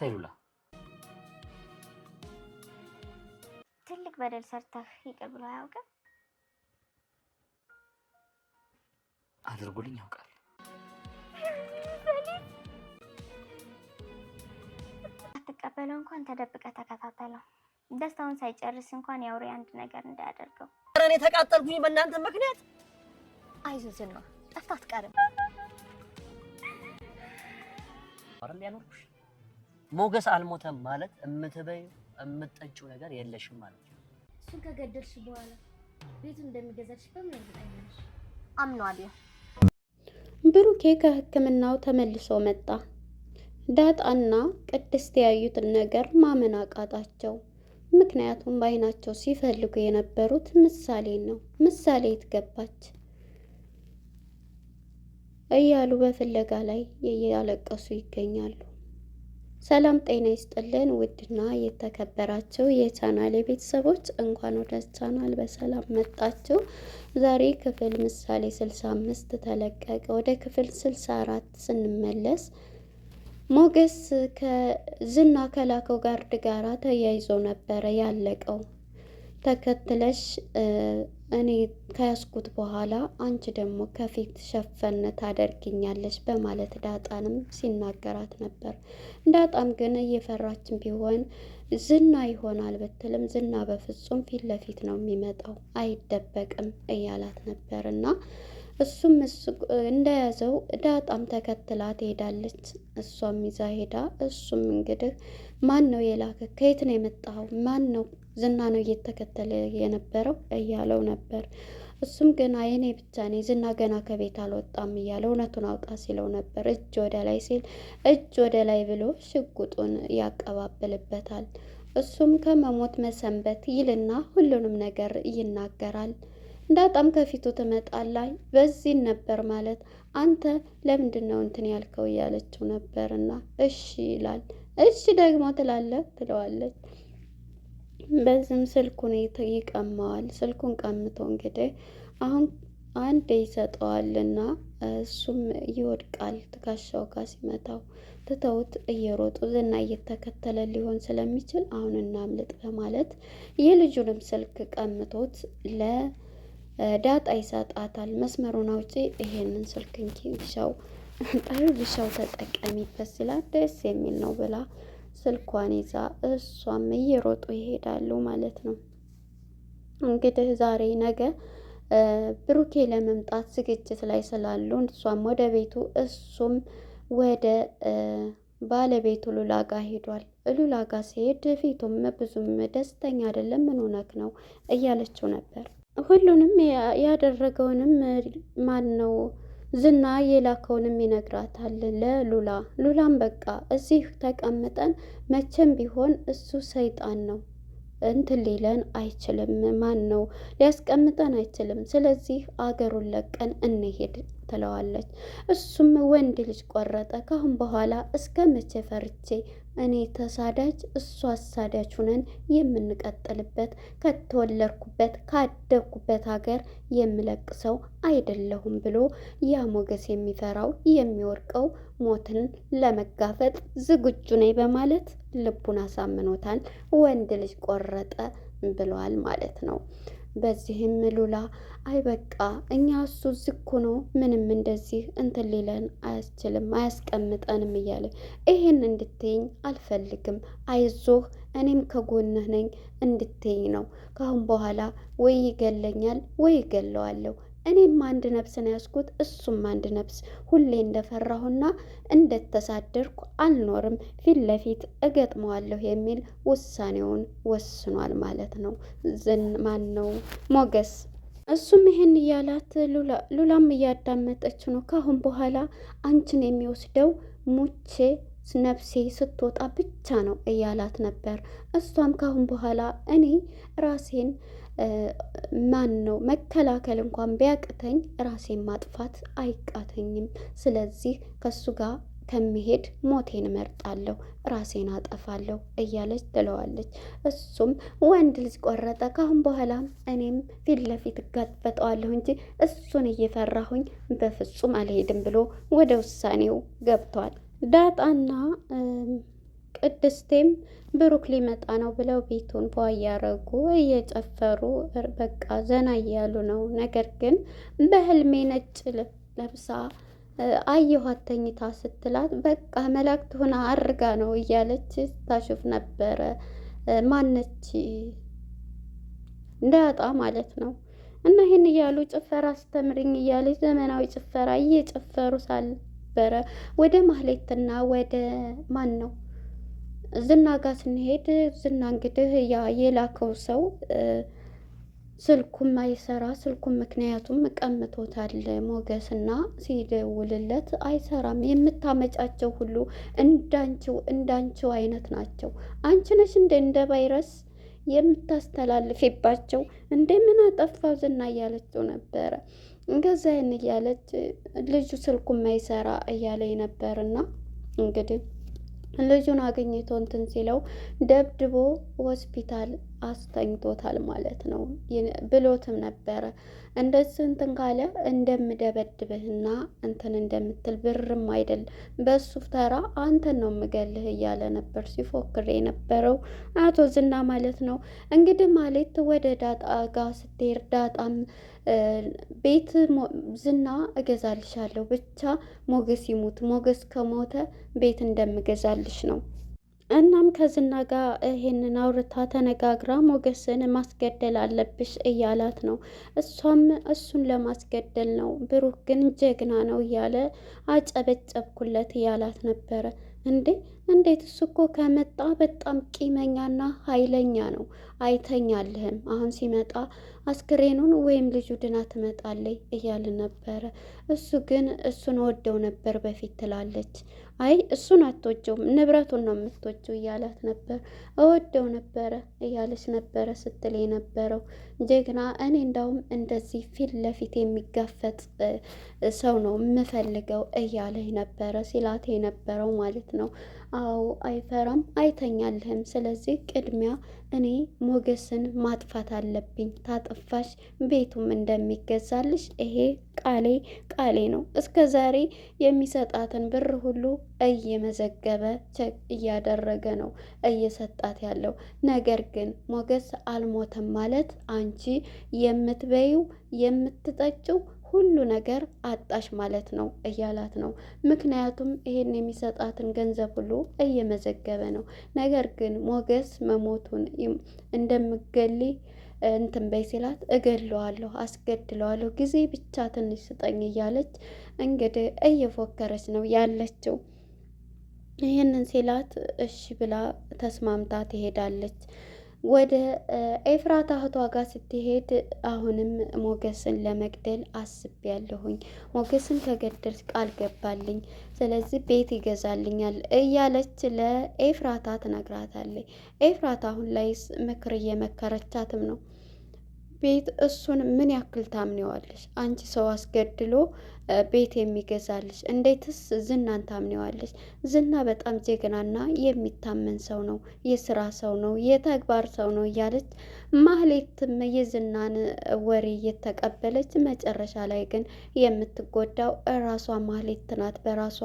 ተይሉላ ትልቅ በደል ሰርተህ ይቅር ብሎ አያውቅም። አድርጎልኝ ያውቃል። አትቀበለው እንኳን ተደብቀ ተከታተለው። ደስታውን ሳይጨርስ እንኳን የአውሬ አንድ ነገር እንዳያደርገው። ኧረ እኔ ተቃጠልኩኝ በእናንተ ምክንያት። አይዞህ ዝና ጠፍታ አትቀርም። አረ ሊያኖርኩሽ ሞገስ አልሞተም ማለት እምትበይ እምትጠጪው ነገር የለሽም ማለት ነው። እሱን ከገደልሽ በኋላ ቤቱን እንደሚገዛልሽ በምን እርግጠኛ ነሽ? አምኗል። ብሩኬ ከሕክምናው ተመልሶ መጣ። ዳጣና ቅድስት ያዩትን ነገር ማመን አቃጣቸው። ምክንያቱም በአይናቸው ሲፈልጉ የነበሩት ምሳሌ ነው። ምሳሌ የት ገባች እያሉ በፍለጋ ላይ እያለቀሱ ይገኛሉ። ሰላም ጤና ይስጥልን ውድና የተከበራችሁ የቻናል የቤተሰቦች እንኳን ወደ ቻናል በሰላም መጣችሁ። ዛሬ ክፍል ምሳሌ 65 ተለቀቀ። ወደ ክፍል 64 ስንመለስ ሞገስ ከዝና ከላከው ጋርድ ጋራ ተያይዞ ነበረ ያለቀው። ተከትለሽ እኔ ከያዝኩት በኋላ አንቺ ደግሞ ከፊት ሸፈን ታደርግኛለች በማለት ዳጣንም ሲናገራት ነበር። ዳጣም ግን እየፈራችን ቢሆን ዝና ይሆናል ብትልም ዝና በፍጹም ፊት ለፊት ነው የሚመጣው አይደበቅም እያላት ነበር እና እሱም እንደያዘው ዳጣም ተከትላ ትሄዳለች። እሷም ይዛ ሄዳ እሱም እንግዲህ ማን ነው የላከ? ከየት ነው የመጣኸው? ማን ነው ዝና ነው እየተከተለ የነበረው እያለው ነበር። እሱም ገና የኔ ብቻ ነኝ ዝና ገና ከቤት አልወጣም እያለ እውነቱን አውጣ ሲለው ነበር። እጅ ወደ ላይ ሲል እጅ ወደ ላይ ብሎ ሽጉጡን ያቀባብልበታል። እሱም ከመሞት መሰንበት ይልና ሁሉንም ነገር ይናገራል። እንዳጣም ከፊቱ ትመጣላይ በዚህን ነበር ማለት አንተ ለምንድን ነው እንትን ያልከው እያለችው ነበርና እሺ ይላል። እሺ ደግሞ ትላለ ትለዋለች። በዚህም ስልኩን ይቀማዋል። ስልኩን ቀምቶ እንግዲህ አሁን አንድ ይሰጠዋልና እሱም ይወድቃል። ትከሻው ጋር ሲመታው ትተውት እየሮጡ ዝና እየተከተለ ሊሆን ስለሚችል አሁን እናምልጥ በማለት የልጁንም ስልክ ቀምቶት ለ ዳጣ ይሰጣታል። መስመሩን አውጪ፣ ይሄንን ስልክ እንኪ ብሻው ብሻው ተጠቀሚበት ደስ የሚል ነው ብላ ስልኳን ይዛ እሷም እየሮጡ ይሄዳሉ ማለት ነው። እንግዲህ ዛሬ ነገ ብሩኬ ለመምጣት ዝግጅት ላይ ስላሉ እሷም ወደ ቤቱ እሱም ወደ ባለቤቱ ሉላ ጋ ሄዷል። ሉላ ጋ ሲሄድ ፊቱም ብዙም ደስተኛ አይደለም። ምን ሆነክ ነው እያለችው ነበር ሁሉንም ያደረገውንም ማን ነው ዝና የላከውንም ይነግራታል ለሉላ። ሉላም በቃ እዚህ ተቀምጠን መቼም ቢሆን እሱ ሰይጣን ነው እንትን ሊለን አይችልም፣ ማን ነው ሊያስቀምጠን አይችልም። ስለዚህ አገሩን ለቀን እንሄድ ትለዋለች። እሱም ወንድ ልጅ ቆረጠ፣ ካሁን በኋላ እስከ መቼ ፈርቼ እኔ ተሳዳጅ እሱ አሳዳጅ ሁነን የምንቀጥልበት ከተወለድኩበት ካደግኩበት ሀገር የምለቅ ሰው አይደለሁም ብሎ ያ ሞገስ የሚፈራው የሚወርቀው ሞትን ለመጋፈጥ ዝግጁ ነኝ በማለት ልቡን አሳምኖታል። ወንድ ልጅ ቆረጠ ብለዋል ማለት ነው። በዚህም ሉላ አይ በቃ እኛ እሱ ዝኩ ነው ምንም እንደዚህ እንትን ሊለን አያስችልም አያስቀምጠንም እያለ ይህን እንድትይኝ አልፈልግም፣ አይዞህ እኔም ከጎንህ ነኝ እንድትይኝ ነው። ካሁን በኋላ ወይ ይገለኛል ወይ ይገለዋለሁ እኔም አንድ ነው ያዝኩት እሱም አንድ ነፍስ። ሁሌ እንደፈራሁና እንደተሳደርኩ አልኖርም፣ ፊት ለፊት እገጥመዋለሁ የሚል ውሳኔውን ወስኗል ማለት ነው። ዝን ማን ነው ሞገስ። እሱም ይሄን እያላት ሉላም እያዳመጠች ነው። ካሁን በኋላ አንቺን የሚወስደው ሙቼ ነፍሴ ስትወጣ ብቻ ነው እያላት ነበር። እሷም ካሁን በኋላ እኔ ራሴን ማን ነው መከላከል እንኳን ቢያቅተኝ ራሴን ማጥፋት አይቃተኝም። ስለዚህ ከሱ ጋር ከሚሄድ ሞቴን እመርጣለሁ፣ ራሴን አጠፋለሁ እያለች ትለዋለች። እሱም ወንድ ልጅ ቆረጠ፣ ካሁን በኋላ እኔም ፊት ለፊት እጋፈጠዋለሁ እንጂ እሱን እየፈራሁኝ በፍጹም አልሄድም ብሎ ወደ ውሳኔው ገብቷል። ዳጣና ቅድስቴም ብሩክ ሊመጣ ነው ብለው ቤቱን ፏ እያረጉ እየጨፈሩ በቃ ዘና እያሉ ነው። ነገር ግን በህልሜ ነጭ ለብሳ አየኋት ተኝታ ስትላት በቃ መላእክት ሆና አርጋ ነው እያለች ታሹፍ ነበረ። ማነች እንዳያጣ ማለት ነው። እና ይህን እያሉ ጭፈራ አስተምርኝ እያለች ዘመናዊ ጭፈራ እየጨፈሩ ሳልበረ ወደ ማህሌትና ወደ ማን ነው ዝና ጋር ስንሄድ ዝና እንግዲህ ያ የላከው ሰው ስልኩም አይሰራ ስልኩም ምክንያቱም ቀምቶታል። ሞገስና ሲደውልለት አይሰራም። የምታመጫቸው ሁሉ እንዳንቺው እንዳንቺው አይነት ናቸው። አንቺ ነሽ እንደ እንደ ቫይረስ የምታስተላልፊባቸው እንደ ምን አጠፋው ዝና እያለችው ነበረ። እንገዛይን እያለች ልጁ ስልኩም አይሰራ እያለኝ ነበርና እንግዲህ ልጁን አግኝቶ እንትን ሲለው ደብድቦ ሆስፒታል አስተኝቶታል ማለት ነው። ብሎትም ነበረ እንደዚህ እንትን ካለ እንደምደበድብህና እንትን እንደምትል ብርም አይደል በሱ ተራ አንተን ነው ምገልህ እያለ ነበር ሲፎክር የነበረው አቶ ዝና ማለት ነው። እንግዲህ ማለት ወደ ዳጣ ጋር ስትሄድ ዳጣም ቤት ዝና እገዛልሻለሁ ብቻ ሞገስ ይሙት ሞገስ ከሞተ ቤት እንደምገዛልሽ ነው እናም ከዝና ጋር ይሄንን አውርታ ተነጋግራ ሞገስን ማስገደል አለብሽ እያላት ነው። እሷም እሱን ለማስገደል ነው፣ ብሩክ ግን ጀግና ነው እያለ አጨበጨብኩለት እያላት ነበረ። እንዴ እንዴት እሱ እኮ ከመጣ በጣም ቂመኛና ኃይለኛ ነው። አይተኛልህም። አሁን ሲመጣ አስክሬኑን ወይም ልጁ ድና ትመጣለች እያለ ነበረ። እሱ ግን እሱን ወደው ነበር በፊት ትላለች። አይ እሱን አትወጀውም፣ ንብረቱን ነው የምትወጀው እያላት ነበር። እወደው ነበረ እያለች ነበረ ስትል የነበረው ጀግና። እኔ እንዳውም እንደዚህ ፊት ለፊት የሚጋፈጥ ሰው ነው የምፈልገው እያለኝ ነበረ ሲላት የነበረው ማለት ነው። አዎ አይፈራም አይተኛልህም። ስለዚህ ቅድሚያ እኔ ሞገስን ማጥፋት አለብኝ። ታጠፋሽ ቤቱም እንደሚገዛልሽ ይሄ ቃሌ ቃሌ ነው። እስከ ዛሬ የሚሰጣትን ብር ሁሉ እየመዘገበ ቸክ እያደረገ ነው እየሰጣት ያለው። ነገር ግን ሞገስ አልሞተም ማለት አንቺ የምትበይው የምትጠጪው ሁሉ ነገር አጣሽ ማለት ነው እያላት ነው። ምክንያቱም ይሄን የሚሰጣትን ገንዘብ ሁሉ እየመዘገበ ነው። ነገር ግን ሞገስ መሞቱን እንደምገሌ እንትን በይ ሲላት እገለዋለሁ፣ አስገድለዋለሁ ጊዜ ብቻ ትንሽ ስጠኝ እያለች እንግዲህ እየፎከረች ነው ያለችው። ይህንን ሲላት እሺ ብላ ተስማምታ ትሄዳለች። ወደ ኤፍራታ እህቷ ጋር ስትሄድ አሁንም ሞገስን ለመግደል አስቤያለሁኝ፣ ሞገስን ከገደል ቃል ገባልኝ፣ ስለዚህ ቤት ይገዛልኛል እያለች ለኤፍራታ ትነግራታለች። ኤፍራታ አሁን ላይ ምክር እየመከረቻትም ነው። ቤት እሱን ምን ያክል ታምኔዋለች? አንቺ ሰው አስገድሎ ቤት የሚገዛልሽ እንዴትስ ዝናን ታምኔዋለሽ? ዝና በጣም ጀግናና የሚታመን ሰው ነው፣ የስራ ሰው ነው፣ የተግባር ሰው ነው እያለች ማህሌትም የዝናን ወሬ እየተቀበለች መጨረሻ ላይ ግን የምትጎዳው እራሷ ማህሌት ናት። በራሷ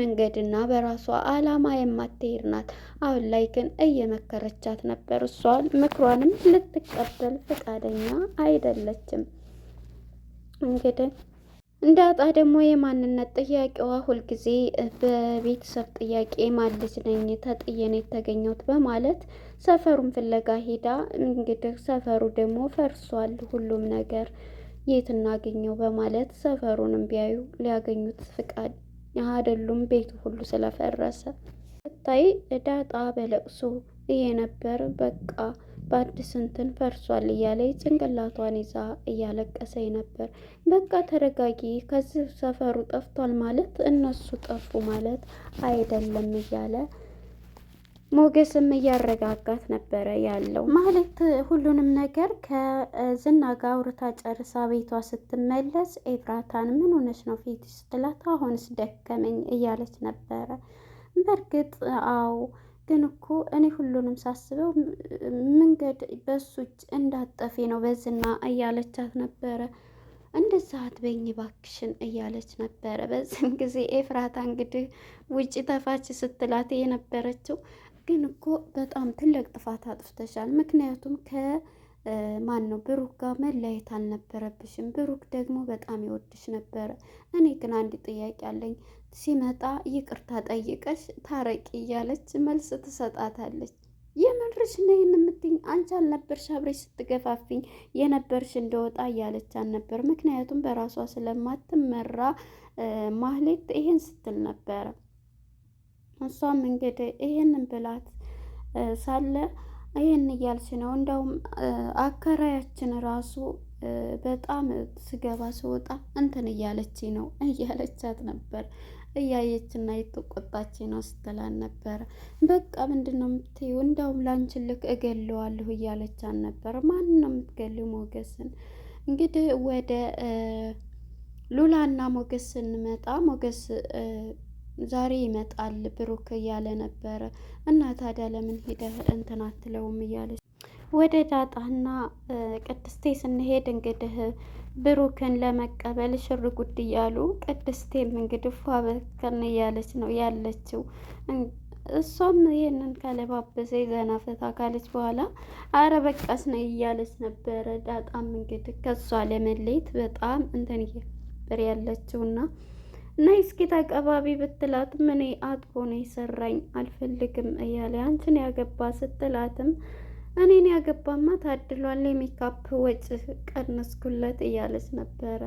መንገድና በራሷ አላማ የማትሄድ ናት። አሁን ላይ ግን እየመከረቻት ነበር። እሷል ምክሯንም ልትቀበል ፈቃደኛ አይደለችም እንግዲህ እንደ ደግሞ የማንነት ጥያቄዋ ሁልጊዜ በቤተሰብ ጥያቄ ማልጅ ነኝ ተጥዬ የተገኘሁት በማለት ሰፈሩን ፍለጋ ሄዳ እንግዲህ ሰፈሩ ደግሞ ፈርሷል፣ ሁሉም ነገር የት እናገኘው በማለት ሰፈሩንም ቢያዩ ሊያገኙት ፍቃድ አይደሉም፣ ቤቱ ሁሉ ስለፈረሰ ስታይ ዳጣ በለቅሶ ይሄ ነበር በቃ በአዲስ እንትን ፈርሷል እያለች ጭንቅላቷን ይዛ እያለቀሰኝ ነበር። በቃ ተረጋጊ፣ ከዚህ ሰፈሩ ጠፍቷል ማለት እነሱ ጠፉ ማለት አይደለም እያለ ሞገስም እያረጋጋት ነበረ ያለው። ማለት ሁሉንም ነገር ከዝና ጋር አውርታ ጨርሳ ቤቷ ስትመለስ ኤፍራታን ምን ሆነች ነው ፊት ስትላት አሁንስ ደከመኝ እያለች ነበረ። በእርግጥ አዎ ግን እኮ እኔ ሁሉንም ሳስበው መንገድ በሱ እጅ እንዳጠፊ ነው በዝና እያለቻት ነበረ። እንደዛ አትበኝ ባክሽን እያለች ነበረ። በዚህም ጊዜ ኤፍራታ እንግዲህ ውጭ ተፋች ስትላት የነበረችው ግን እኮ በጣም ትልቅ ጥፋት አጥፍተሻል። ምክንያቱም ከማን ነው ብሩክ ጋር መለየት አልነበረብሽም። ብሩክ ደግሞ በጣም ይወድሽ ነበረ። እኔ ግን አንድ ጥያቄ አለኝ። ሲመጣ ይቅርታ ጠይቀሽ ታረቂ እያለች መልስ ትሰጣታለች። የምንርሽ ነይን የምትኝ አንቺ አልነበርሽ አብሬሽ ስትገፋፍኝ የነበርሽ እንደወጣ እያለች አልነበር። ምክንያቱም በራሷ ስለማትመራ ማህሌት ይሄን ስትል ነበረ። እሷም እንግዲህ ይሄንን ብላት ሳለ ይሄን እያልሽ ነው እንደውም አከራያችን ራሱ በጣም ስገባ ስወጣ እንትን እያለች ነው እያለቻት ነበር። እያየች እና የተቆጣች ነው ስትላን ነበር። በቃ ምንድን ነው የምትይው? እንዳውም ላንችን ልክ እገለዋለሁ እያለቻን ነበር። ማን ነው የምትገለው? ሞገስን እንግዲህ ወደ ሉላና ሞገስ ስንመጣ ሞገስ ዛሬ ይመጣል ብሩክ እያለ ነበረ። እና ታዲያ ለምን ሄደህ እንትን አትለውም? እያለች ወደ ዳጣና ቅድስቴ ስንሄድ እንግዲህ ብሩክን ለመቀበል ሽር ጉድ እያሉ ቅድስቴም እንግዲህ ፏ በከን እያለች ነው ያለችው። እሷም ይህንን ካለባበሰ ዘና ፈታ ካለች በኋላ አረ በቃስ ነው እያለች ነበረ። ዳጣም እንግዲህ ከሷ ለመለየት በጣም እንትን እየበር ያለችውና እና እስኪት ተቀባቢ ብትላት ምን አጥቦ ነው የሰራኝ አልፈልግም እያለ አንቺን ያገባ ስትላትም እኔን ያገባማ ታድሏል፣ የሜካፕ ወጪ ቀነስኩለት እያለች ነበረ።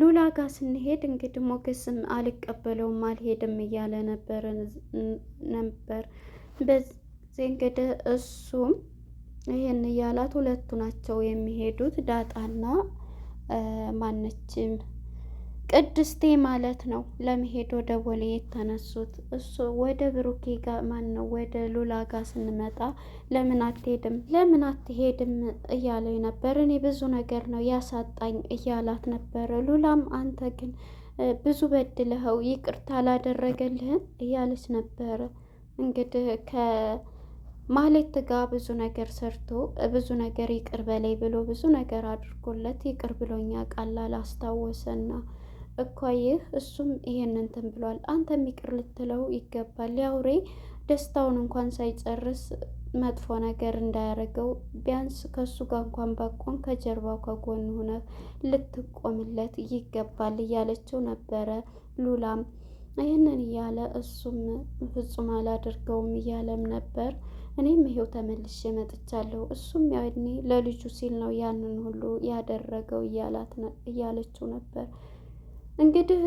ሉላ ጋ ስንሄድ እንግዲህ ሞገስም አልቀበለውም አልሄድም እያለ ነበረ ነበር። በዚህ እንግዲህ እሱም ይህን እያላት ሁለቱ ናቸው የሚሄዱት ዳጣና ማነችም ቅድስቴ ማለት ነው ለመሄድ ወደ ቦሌ የተነሱት። እሱ ወደ ብሩኬ ጋር ማን ነው ወደ ሉላ ጋር ስንመጣ ለምን አትሄድም ለምን አትሄድም እያለኝ ነበር። እኔ ብዙ ነገር ነው ያሳጣኝ እያላት ነበረ። ሉላም አንተ ግን ብዙ በድለኸው ይቅርታ አላደረገልህም እያለች ነበረ። እንግዲህ ከ ከማሌት ጋር ብዙ ነገር ሰርቶ ብዙ ነገር ይቅር በላይ ብሎ ብዙ ነገር አድርጎለት ይቅር ብሎኛ ቃላል አስታወሰና እኮ ይህ እሱም ይሄን እንትን ብሏል። አንተ ይቅር ልትለው ይገባል። ያውሬ ደስታውን እንኳን ሳይጨርስ መጥፎ ነገር እንዳያደርገው ቢያንስ ከእሱ ጋር እንኳን ባቆም ከጀርባው ከጎን ሆነ ልትቆምለት ይገባል እያለችው ነበረ ሉላም ይህንን እያለ እሱም ፍጹም አላደርገውም እያለም ነበር። እኔም ይሄው ተመልሼ መጥቻለሁ። እሱም ያኔ ለልጁ ሲል ነው ያንን ሁሉ ያደረገው እያለችው ነበር። እንግዲህ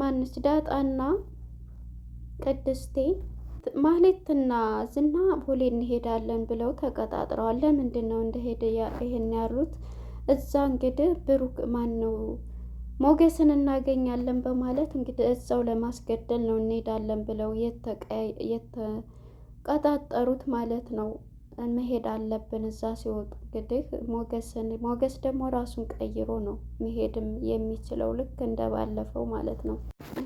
ማንስ ዳጣና ቅድስቴ ማህሌትና ዝና ቦሌ እንሄዳለን ብለው ተቀጣጥረዋል። ለምንድን ነው እንደሄደ ይሄን ያሉት? እዛ እንግዲህ ብሩክ ማን ነው ሞገስን እናገኛለን በማለት እንግዲህ እዛው ለማስገደል ነው እንሄዳለን ብለው የተቀጣጠሩት ማለት ነው። መሄድ አለብን። እዛ ሲወጡ እንግዲህ ሞገስን ሞገስ ደግሞ ራሱን ቀይሮ ነው መሄድም የሚችለው ልክ እንደ ባለፈው ማለት ነው።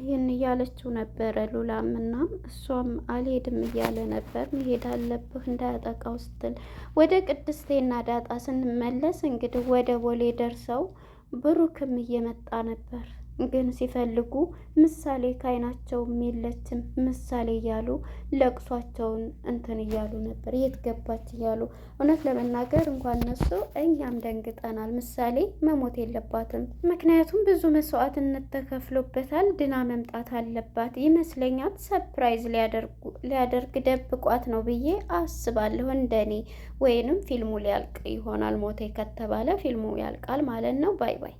ይህን እያለችው ነበረ ሉላም እና እሷም አልሄድም እያለ ነበር። መሄድ አለብህ እንዳያጠቃው ስትል ወደ ቅድስቴና ዳጣ ስንመለስ እንግዲህ ወደ ቦሌ ደርሰው ብሩክም እየመጣ ነበር። ግን ሲፈልጉ ምሳሌ ከአይናቸው የለችም ምሳሌ እያሉ ለቅሷቸውን እንትን እያሉ ነበር፣ የት ገባች እያሉ። እውነት ለመናገር እንኳን እነሱ እኛም ደንግጠናል። ምሳሌ መሞት የለባትም። ምክንያቱም ብዙ መስዋዕትነት ተከፍሎበታል። ድና መምጣት አለባት ይመስለኛል። ሰፕራይዝ ሊያደርግ ደብቋት ነው ብዬ አስባለሁ። እንደኔ ወይንም ፊልሙ ሊያልቅ ይሆናል። ሞቴ ከተባለ ፊልሙ ያልቃል ማለት ነው። ባይ ባይ።